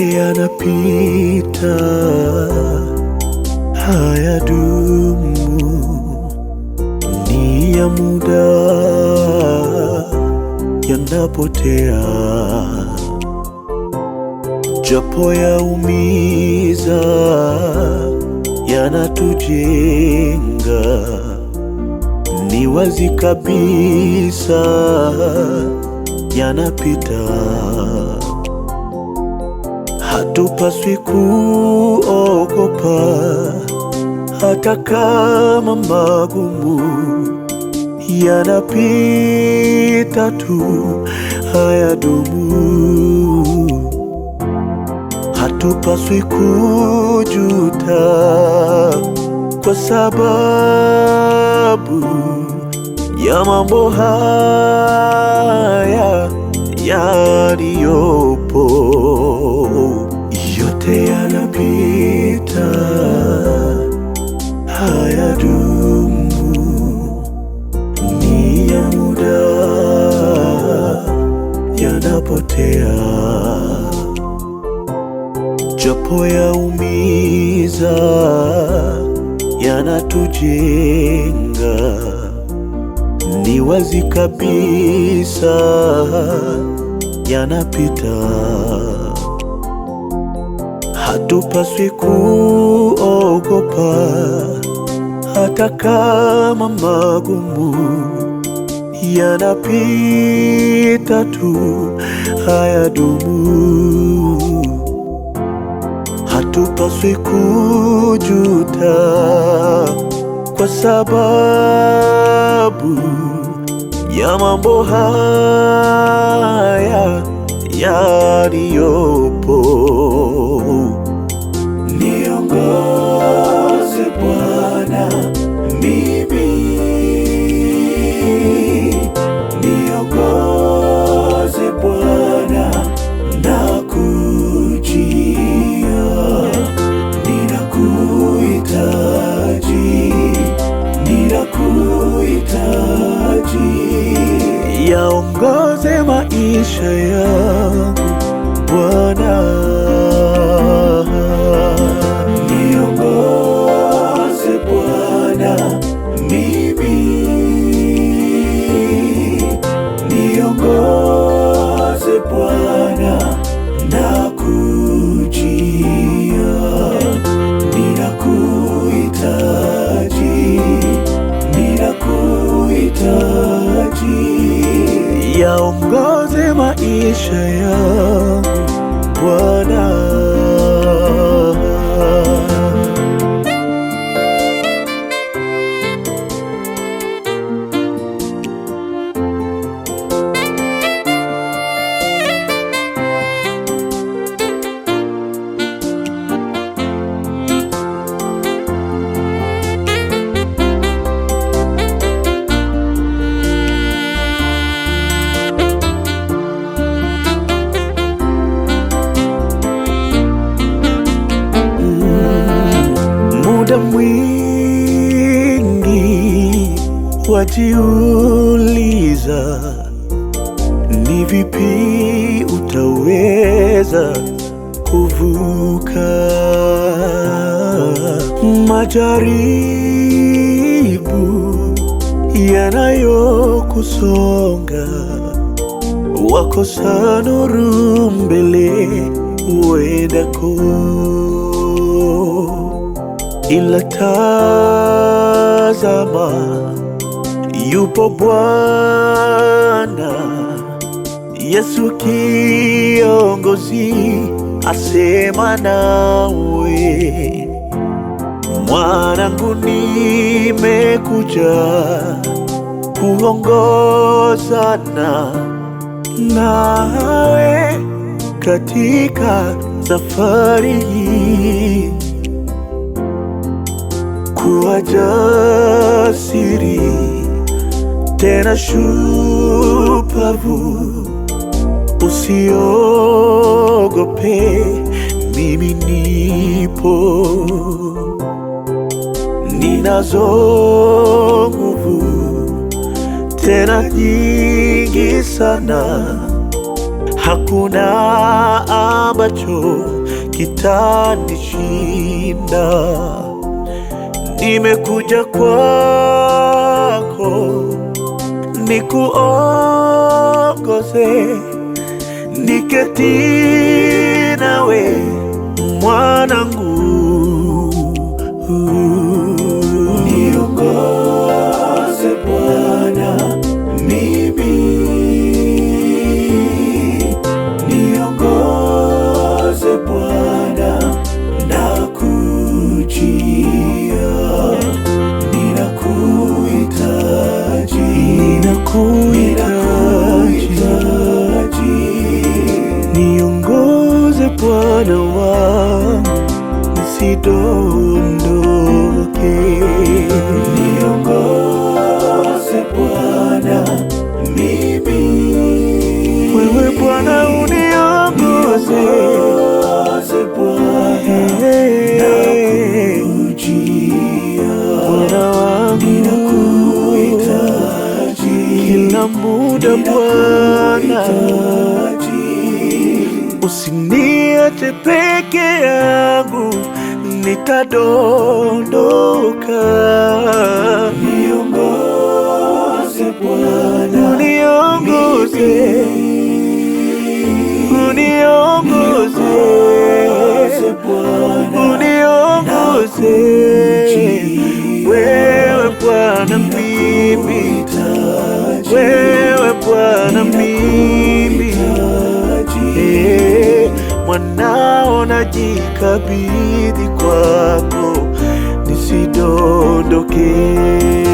yote yanapita, dumu ni ya muda, yanapotea, japo yaumiza, yanatujenga. Ni wazi kabisa yanapita. Hatupaswi kuogopa hata kama magumu yanapita tu, hayadumu. Hatupaswi kujuta kwa sababu ya mambo haya yaliyo ya yadumu ni ya muda, yanapotea japo yaumiza, yanatujenga. Ni wazi kabisa yanapita, hatupaswi ku hata kama magumu yanapita tu, hayadumu. Hatupaswi kujuta kwa sababu ya mambo haya yaliyopo. maisha yangu Bwana, niongoze Bwana, mimi naku you. hata mwingi wajiuliza, ni vipi utaweza kuvuka majaribu yanayokusonga wako nuru mbele uendako ila tazama, yupo Bwana Yesu kiongozi, asema nawe, mwanangu, nimekuja kuongozana nawe katika safari hii kuwa jasiri tena shupavu, usiogope, mimi nipo, ninazo nguvu tena nyingi sana, hakuna ambacho kitanishinda. Nimekuja kwako nikuongoze, niketi nawe mwanangu. nitadondoka. Niongoze Bwana, uniongoze, uniongoze, uniongoze najikabidhi kwako nisidondokee.